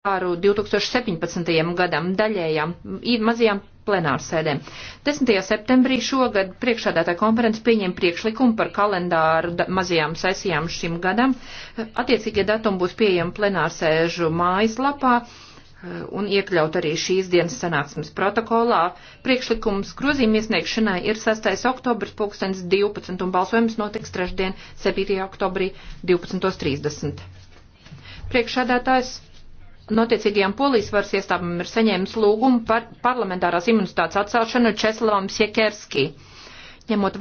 pāru 2017. gadam daļējām mazajām plenārsēdēm. 10. septembrī šogad priekšādātā konferences pieņem priekšlikumu par kalendāru mazajām sesijām šim gadam. Attiecīgie datumi būs pieejami plenārsēžu mājaslapā eh, un iekļaut arī šīs dienas sanāksmes protokolā. Priekšlikums grozījuma iesniegšanai ir 6. oktobris 2012 un balsojums notiks trešdien 7. oktobrī 12.30. Priekšādātājs notiecīgajām polijas varas iestādēm ir saņēmis lūgumu par parlamentārās imunitātes atcelšanu Česlavam Siekerski. Ņemot